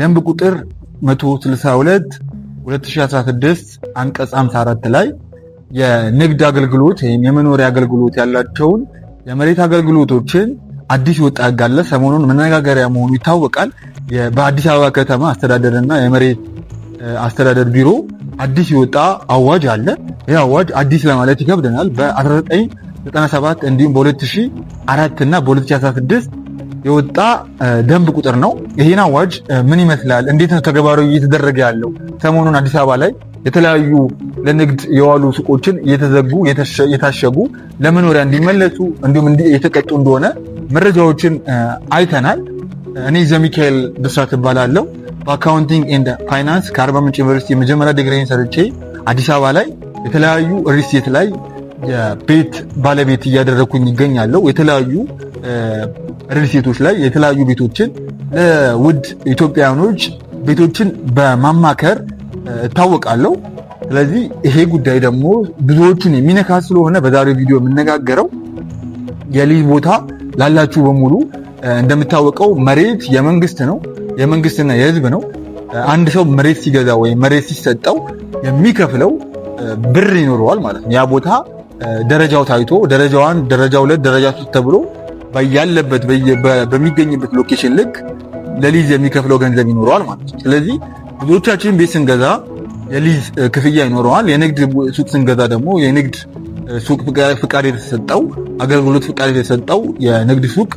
ደንብ ቁጥር 162 2016 አንቀጽ 54 ላይ የንግድ አገልግሎት ወይም የመኖሪያ አገልግሎት ያላቸውን የመሬት አገልግሎቶችን አዲስ ወጣ ሕግ አለ። ሰሞኑን መነጋገሪያ መሆኑ ይታወቃል። በአዲስ አበባ ከተማ አስተዳደርና የመሬት አስተዳደር ቢሮ አዲስ የወጣ አዋጅ አለ። ይህ አዋጅ አዲስ ለማለት ይከብደናል። በ1997 እንዲሁም በ2004 እና በ2016 የወጣ ደንብ ቁጥር ነው። ይህን አዋጅ ምን ይመስላል? እንዴት ነው ተግባራዊ እየተደረገ ያለው? ሰሞኑን አዲስ አበባ ላይ የተለያዩ ለንግድ የዋሉ ሱቆችን እየተዘጉ የታሸጉ ለመኖሪያ እንዲመለሱ እንዲሁም የተቀጡ እንደሆነ መረጃዎችን አይተናል። እኔ ዘሚካኤል ብስራት እባላለሁ። በአካውንቲንግ ኤንድ ፋይናንስ ከአርባ ምንጭ ዩኒቨርሲቲ የመጀመሪያ ዲግሪን ሰርቼ አዲስ አበባ ላይ የተለያዩ ሪስቴት ላይ የቤት ባለቤት እያደረግኩኝ ይገኛለሁ። የተለያዩ ሪልስቴቶች ላይ የተለያዩ ቤቶችን ለውድ ኢትዮጵያውያኖች ቤቶችን በማማከር እታወቃለሁ። ስለዚህ ይሄ ጉዳይ ደግሞ ብዙዎቹን የሚነካ ስለሆነ በዛሬው ቪዲዮ የምነጋገረው የሊዝ ቦታ ላላችሁ በሙሉ እንደምታወቀው መሬት የመንግስት ነው፣ የመንግስትና የህዝብ ነው። አንድ ሰው መሬት ሲገዛ ወይም መሬት ሲሰጠው የሚከፍለው ብር ይኖረዋል ማለት ነው። ያ ቦታ ደረጃው ታይቶ ደረጃ ዋን፣ ደረጃ ሁለት፣ ደረጃ ሶስት ተብሎ ያለበት በሚገኝበት ሎኬሽን ልክ ለሊዝ የሚከፍለው ገንዘብ ይኖረዋል ማለት ነው። ስለዚህ ብዙዎቻችን ቤት ስንገዛ የሊዝ ክፍያ ይኖረዋል። የንግድ ሱቅ ስንገዛ ደግሞ የንግድ ሱቅ ፍቃድ የተሰጠው አገልግሎት ፍቃድ የተሰጠው የንግድ ሱቅ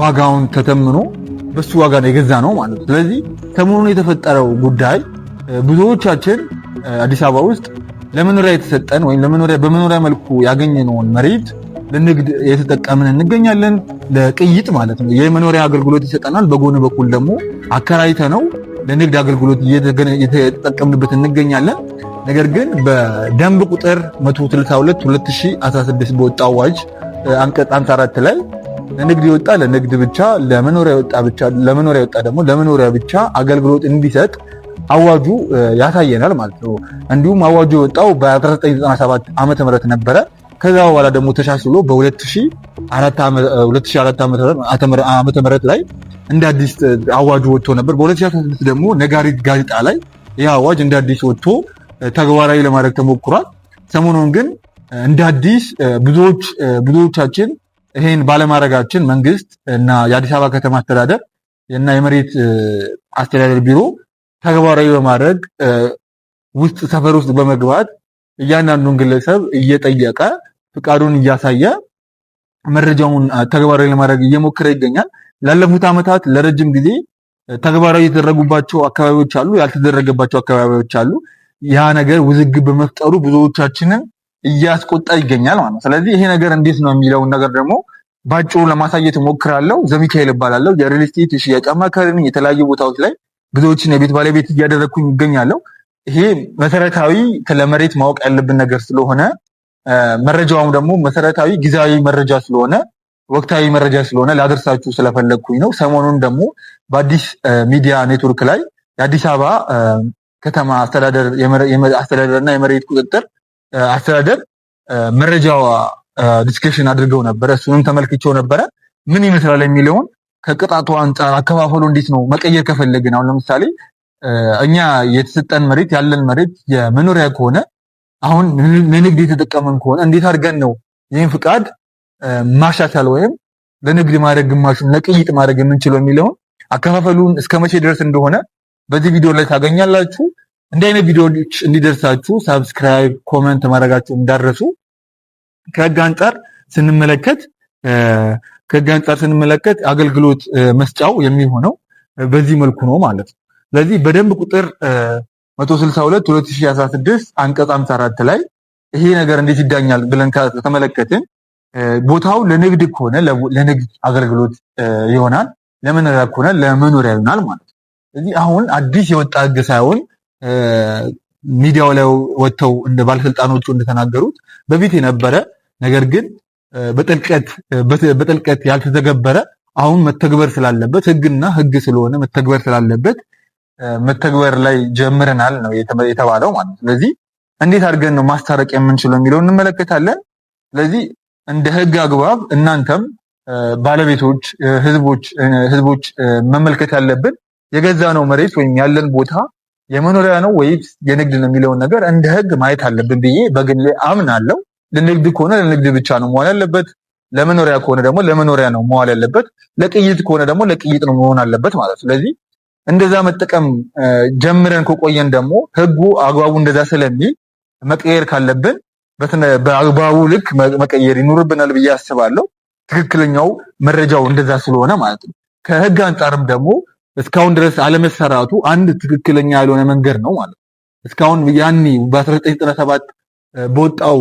ዋጋውን ተተምኖ በሱ ዋጋ ነው የገዛ ነው ማለት ነው። ስለዚህ ሰሞኑን የተፈጠረው ጉዳይ ብዙዎቻችን አዲስ አበባ ውስጥ ለመኖሪያ የተሰጠን ወይም ለመኖሪያ በመኖሪያ መልኩ ያገኘነውን መሬት ለንግድ የተጠቀምን እንገኛለን። ለቅይጥ ማለት ነው የመኖሪያ አገልግሎት ይሰጠናል። በጎን በኩል ደግሞ አከራይተ ነው ለንግድ አገልግሎት እየተጠቀምንበት እንገኛለን። ነገር ግን በደንብ ቁጥር 162 2016 በወጣ አዋጅ አንቀጽ 54 ላይ ለንግድ የወጣ ለንግድ ብቻ፣ ለመኖሪያ የወጣ ብቻ፣ ለመኖሪያ የወጣ ደግሞ ለመኖሪያ ብቻ አገልግሎት እንዲሰጥ አዋጁ ያሳየናል ማለት ነው። እንዲሁም አዋጁ የወጣው በ1997 ዓመተ ምህረት ነበረ። ከዛ በኋላ ደግሞ ተሻሽሎ በ2004 ዓመተ ምህረት ላይ እንደ አዲስ አዋጁ ወጥቶ ነበር። በ2016 ደግሞ ነጋሪት ጋዜጣ ላይ ይህ አዋጅ እንደ አዲስ ወጥቶ ተግባራዊ ለማድረግ ተሞክሯል። ሰሞኑን ግን እንደ አዲስ ብዙዎች ብዙዎቻችን ይህን ባለማድረጋችን መንግስት እና የአዲስ አበባ ከተማ አስተዳደር እና የመሬት አስተዳደር ቢሮ ተግባራዊ በማድረግ ውስጥ ሰፈር ውስጥ በመግባት እያንዳንዱን ግለሰብ እየጠየቀ ፍቃዱን እያሳየ መረጃውን ተግባራዊ ለማድረግ እየሞከረ ይገኛል። ላለፉት ዓመታት ለረጅም ጊዜ ተግባራዊ የተደረጉባቸው አካባቢዎች አሉ፣ ያልተደረገባቸው አካባቢዎች አሉ። ያ ነገር ውዝግብ በመፍጠሩ ብዙዎቻችንን እያስቆጣ ይገኛል ማለት ስለዚህ ይሄ ነገር እንዴት ነው የሚለውን ነገር ደግሞ ባጭሩ ለማሳየት ሞክራለሁ ዘሚካኤል እባላለሁ። የሪል ስቴት ሽያጭ አማካሪ ነኝ። የተለያዩ ቦታዎች ላይ ብዙዎችን የቤት ባለቤት እያደረግኩኝ ይገኛለሁ። ይሄ መሰረታዊ ስለመሬት ማወቅ ያለብን ነገር ስለሆነ መረጃውም ደግሞ መሰረታዊ ጊዜያዊ መረጃ ስለሆነ ወቅታዊ መረጃ ስለሆነ ላደርሳችሁ ስለፈለግኩኝ ነው። ሰሞኑን ደግሞ በአዲስ ሚዲያ ኔትወርክ ላይ የአዲስ አበባ ከተማ አስተዳደርና የመሬት ቁጥጥር አስተዳደር መረጃዋ ዲስከሽን አድርገው ነበረ። እሱንም ተመልክቼው ነበረ ምን ይመስላል የሚለውን ከቅጣቱ አንጻር አከፋፈሉ እንዴት ነው መቀየር ከፈለግን አሁን ለምሳሌ እኛ የተሰጠን መሬት ያለን መሬት የመኖሪያ ከሆነ አሁን ለንግድ የተጠቀመን ከሆነ እንዴት አድርገን ነው ይህን ፍቃድ ማሻሻል ወይም ለንግድ ማድረግ ግማሹን ለቅይጥ ማድረግ የምንችለው የሚለውን አከፋፈሉን እስከ መቼ ድረስ እንደሆነ በዚህ ቪዲዮ ላይ ታገኛላችሁ። እንዲህ አይነት ቪዲዮዎች እንዲደርሳችሁ ሳብስክራይብ፣ ኮመንት ማድረጋችሁ እንዳረሱ ከህግ አንጻር ስንመለከት ከህግ አንጻር ስንመለከት አገልግሎት መስጫው የሚሆነው በዚህ መልኩ ነው ማለት ነው። ስለዚህ በደንብ ቁጥር 162 2016 አንቀጽ 54 ላይ ይሄ ነገር እንዴት ይዳኛል ብለን ከተመለከትን ቦታው ለንግድ ከሆነ ለንግድ አገልግሎት ይሆናል፣ ለመኖሪያ ከሆነ ለመኖሪያ ይሆናል ማለት ነው። ስለዚህ አሁን አዲስ የወጣ ህግ ሳይሆን ሚዲያው ላይ ወጥተው እንደ ባለስልጣኖቹ እንደተናገሩት በፊት የነበረ ነገር ግን በጥልቀት ያልተዘገበረ ያልተተገበረ አሁን መተግበር ስላለበት ህግና ህግ ስለሆነ መተግበር ስላለበት መተግበር ላይ ጀምረናል ነው የተባለው ማለት። ስለዚህ እንዴት አድርገን ነው ማስታረቅ የምንችለው የሚለውን እንመለከታለን። ስለዚህ እንደ ህግ አግባብ እናንተም ባለቤቶች፣ ህዝቦች ህዝቦች መመልከት ያለብን የገዛ ነው መሬት ወይም ያለን ቦታ የመኖሪያ ነው ወይስ የንግድ ነው የሚለውን ነገር እንደ ህግ ማየት አለብን ብዬ በግሌ አምናለሁ። ለንግድ ከሆነ ለንግድ ብቻ ነው መዋል ያለበት። ለመኖሪያ ከሆነ ደግሞ ለመኖሪያ ነው መዋል ያለበት። ለቅይጥ ከሆነ ደግሞ ለቅይጥ ነው መሆን አለበት ማለት ስለዚህ እንደዛ መጠቀም ጀምረን ከቆየን ደግሞ ህጉ አግባቡ እንደዛ ስለሚል መቀየር ካለብን በአግባቡ ልክ መቀየር ይኖርብናል ብዬ አስባለሁ። ትክክለኛው መረጃው እንደዛ ስለሆነ ማለት ነው። ከህግ አንጻርም ደግሞ እስካሁን ድረስ አለመሰራቱ አንድ ትክክለኛ ያልሆነ መንገድ ነው ማለት ነው። እስካሁን ያኔ በ1997 በወጣው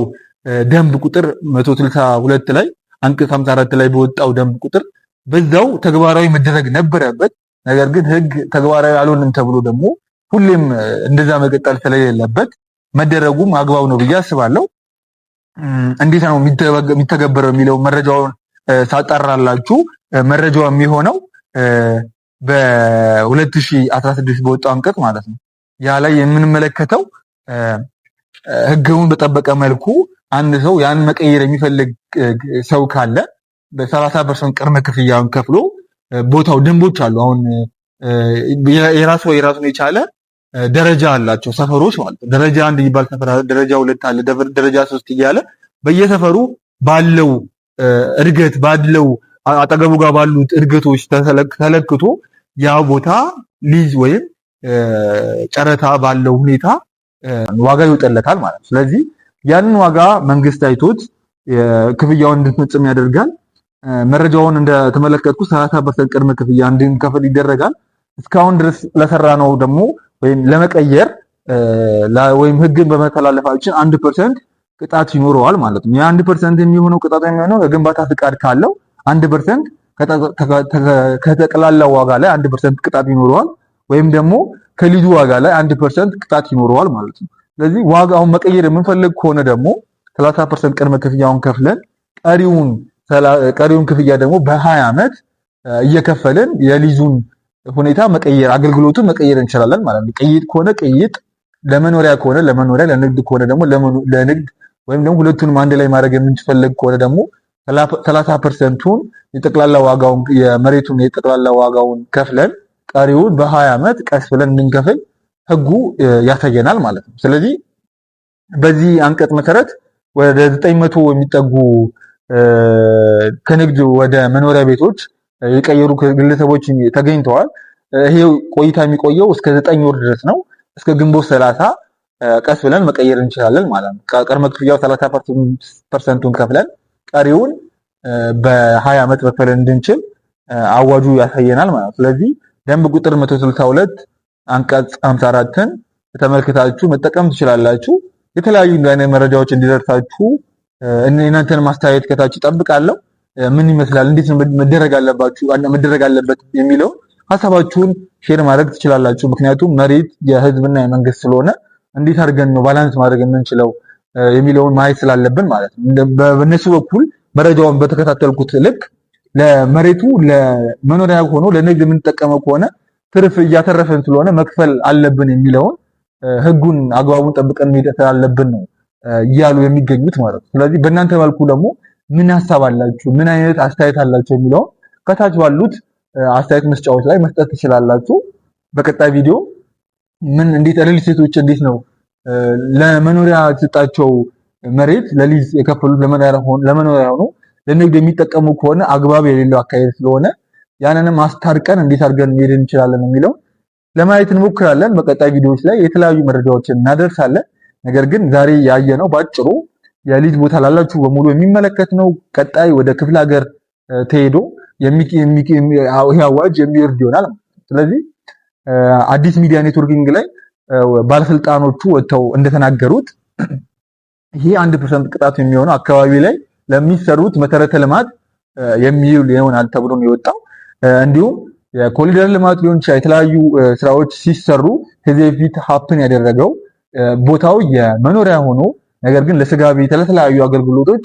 ደንብ ቁጥር 162 ላይ አንቀጽ 54 ላይ በወጣው ደንብ ቁጥር በዛው ተግባራዊ መደረግ ነበረበት። ነገር ግን ህግ ተግባራዊ አልሆንም ተብሎ ደግሞ ሁሌም እንደዛ መቀጠል ስለሌለበት መደረጉም አግባብ ነው ብዬ አስባለሁ። እንዴት ነው የሚተገበረው የሚለው መረጃውን ሳጠራላችሁ መረጃው የሚሆነው በ2016 በወጣው አንቀጽ ማለት ነው። ያ ላይ የምንመለከተው ህግውን በጠበቀ መልኩ አንድ ሰው ያን መቀየር የሚፈልግ ሰው ካለ በ30 ፐርሰንት ቅድመ ክፍያውን ከፍሎ ቦታው ደንቦች አሉ። አሁን የራሱ የራሱን የቻለ ደረጃ አላቸው ሰፈሮች ማለት ነው። ደረጃ አንድ ይባል ሰፈር፣ ደረጃ ሁለት አለ፣ ደረጃ ሶስት እያለ በየሰፈሩ ባለው እድገት ባለው አጠገቡ ጋር ባሉት እድገቶች ተለክቶ ያ ቦታ ሊዝ ወይም ጨረታ ባለው ሁኔታ ዋጋ ይወጣለታል ማለት ነው። ስለዚህ ያንን ዋጋ መንግስት አይቶት ክፍያውን እንድትፈጽም ያደርጋል። መረጃውን እንደተመለከትኩ ሰላሳ ፐርሰንት ቅድመ ክፍያ እንድንከፍል ይደረጋል። እስካሁን ድረስ ለሰራ ነው ደግሞ ወይም ለመቀየር ወይም ህግን በመተላለፋችን አንድ ፐርሰንት ቅጣት ይኖረዋል ማለት ነው። የአንድ ፐርሰንት የሚሆነው ቅጣት የሚሆነው የግንባታ ፍቃድ ካለው አንድ ፐርሰንት ከጠቅላላ ዋጋ ላይ አንድ ፐርሰንት ቅጣት ይኖረዋል፣ ወይም ደግሞ ከሊዙ ዋጋ ላይ አንድ ፐርሰንት ቅጣት ይኖረዋል ማለት ነው። ስለዚህ ዋጋውን መቀየር የምንፈልግ ከሆነ ደግሞ ሰላሳ ፐርሰንት ቅድመ ክፍያውን ከፍለን ቀሪውን ቀሪውን ክፍያ ደግሞ በሀያ ዓመት እየከፈልን የሊዙን ሁኔታ መቀየር አገልግሎቱን መቀየር እንችላለን ማለት ነው። ቅይጥ ከሆነ ቅይጥ፣ ለመኖሪያ ከሆነ ለመኖሪያ፣ ለንግድ ከሆነ ደግሞ ለንግድ ወይም ደግሞ ሁለቱንም አንድ ላይ ማድረግ የምንፈልግ ከሆነ ደግሞ ሰላሳ ፐርሰንቱን የጠቅላላ ዋጋውን የመሬቱን የጠቅላላ ዋጋውን ከፍለን ቀሪውን በሀያ ዓመት ቀስ ብለን እንድንከፍል ህጉ ያሳየናል ማለት ነው። ስለዚህ በዚህ አንቀጽ መሰረት ወደ ዘጠኝ መቶ የሚጠጉ ከንግድ ወደ መኖሪያ ቤቶች የቀየሩ ግለሰቦች ተገኝተዋል። ይሄ ቆይታ የሚቆየው እስከ ዘጠኝ ወር ድረስ ነው። እስከ ግንቦት ሰላሳ ቀስ ብለን መቀየር እንችላለን ማለት ነው። ቅድመ ክፍያው ሰላሳ ፐርሰንቱን ከፍለን ቀሪውን በሀያ ዓመት መክፈል እንድንችል አዋጁ ያሳየናል ማለት ነው። ስለዚህ ደንብ ቁጥር 162 አንቀጽ 54ን ተመልክታችሁ መጠቀም ትችላላችሁ። የተለያዩ መረጃዎች እንዲደርሳችሁ እናንተን ማስተያየት ከታች ጠብቃለሁ ምን ይመስላል፣ እንዴት ነው መደረግ አለባችሁ መደረግ አለበት የሚለው ሀሳባችሁን ሼር ማድረግ ትችላላችሁ። ምክንያቱም መሬት የህዝብና የመንግስት ስለሆነ እንዴት አድርገን ነው ባላንስ ማድረግ የምንችለው የሚለውን ማየት ስላለብን ማለት ነው። በእነሱ በኩል መረጃውን በተከታተልኩት ልክ ለመሬቱ ለመኖሪያ ሆኖ ለንግድ የምንጠቀመው ከሆነ ትርፍ እያተረፈን ስለሆነ መክፈል አለብን የሚለውን ህጉን አግባቡን ጠብቀን መሄድ ስላለብን ነው እያሉ የሚገኙት ማለት ነው። ስለዚህ በእናንተ መልኩ ደግሞ ምን ሀሳብ አላችሁ፣ ምን አይነት አስተያየት አላችሁ የሚለውን ከታች ባሉት አስተያየት መስጫዎች ላይ መስጠት ትችላላችሁ። በቀጣይ ቪዲዮ ምን እንዴት ሪል ስቴቶች እንዴት ነው ለመኖሪያ የተሰጣቸው መሬት ለሊዝ የከፈሉት ለመኖሪያ ሆኖ ለንግድ የሚጠቀሙ ከሆነ አግባብ የሌለው አካሄድ ስለሆነ ያንንም አስታርቀን እንዴት አድርገን መሄድ እንችላለን የሚለው ለማየት እንሞክራለን። በቀጣይ ቪዲዮዎች ላይ የተለያዩ መረጃዎችን እናደርሳለን። ነገር ግን ዛሬ ያየ ነው ባጭሩ የሊዝ ቦታ ላላችሁ በሙሉ የሚመለከት ነው። ቀጣይ ወደ ክፍለ ሀገር ተሄዶ ይህ አዋጅ የሚወርድ ይሆናል። ስለዚህ አዲስ ሚዲያ ኔትወርኪንግ ላይ ባለስልጣኖቹ ወጥተው እንደተናገሩት ይህ አንድ ፐርሰንት ቅጣት የሚሆነው አካባቢ ላይ ለሚሰሩት መሰረተ ልማት የሚውል ይሆናል ተብሎ ነው የወጣው። እንዲሁም የኮሊደር ልማት ሊሆን ይችላል የተለያዩ ስራዎች ሲሰሩ ከዚህ በፊት ሀፕን ያደረገው ቦታው የመኖሪያ ሆኖ ነገር ግን ለስጋ ቤት ለተለያዩ አገልግሎቶች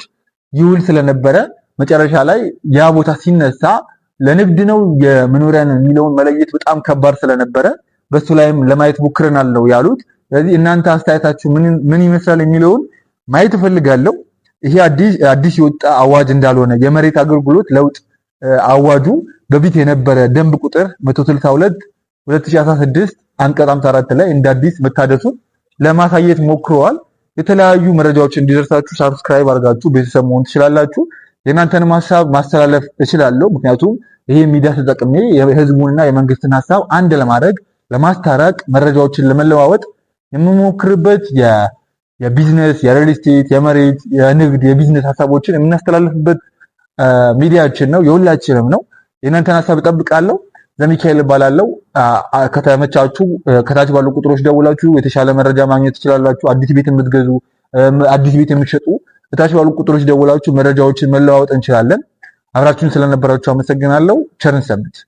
ይውል ስለነበረ መጨረሻ ላይ ያ ቦታ ሲነሳ ለንግድ ነው የመኖሪያ ነው የሚለውን መለየት በጣም ከባድ ስለነበረ በሱ ላይም ለማየት ሞክረናል ያሉት። ስለዚህ እናንተ አስተያየታችሁ ምን ይመስላል የሚለውን ማየት እፈልጋለሁ። ይሄ አዲስ የወጣ አዋጅ እንዳልሆነ የመሬት አገልግሎት ለውጥ አዋጁ በፊት የነበረ ደንብ ቁጥር 162 2016 አንቀጽ 54 ላይ እንደ አዲስ መታደሱን ለማሳየት ሞክረዋል። የተለያዩ መረጃዎች እንዲደርሳችሁ ሳብስክራይብ አድርጋችሁ ቤተሰብ መሆን ትችላላችሁ። የእናንተንም ሀሳብ ማስተላለፍ እችላለሁ። ምክንያቱም ይሄ ሚዲያ ተጠቅሜ የህዝቡንና የመንግስትን ሀሳብ አንድ ለማድረግ ለማስታረቅ፣ መረጃዎችን ለመለዋወጥ የምሞክርበት የቢዝነስ የሪል ስቴት፣ የመሬት፣ የንግድ፣ የቢዝነስ ሀሳቦችን የምናስተላልፍበት ሚዲያችን ነው። የሁላችንም ነው። የእናንተን ሀሳብ እጠብቃለሁ። ዘሚካኤል እባላለሁ። ከተመቻችሁ ከታች ባሉ ቁጥሮች ደውላችሁ የተሻለ መረጃ ማግኘት ትችላላችሁ። አዲስ ቤት የምትገዙ፣ አዲስ ቤት የምትሸጡ ከታች ባሉ ቁጥሮች ደውላችሁ መረጃዎችን መለዋወጥ እንችላለን። አብራችሁን ስለነበራችሁ አመሰግናለሁ። ቸርን ሰንብት።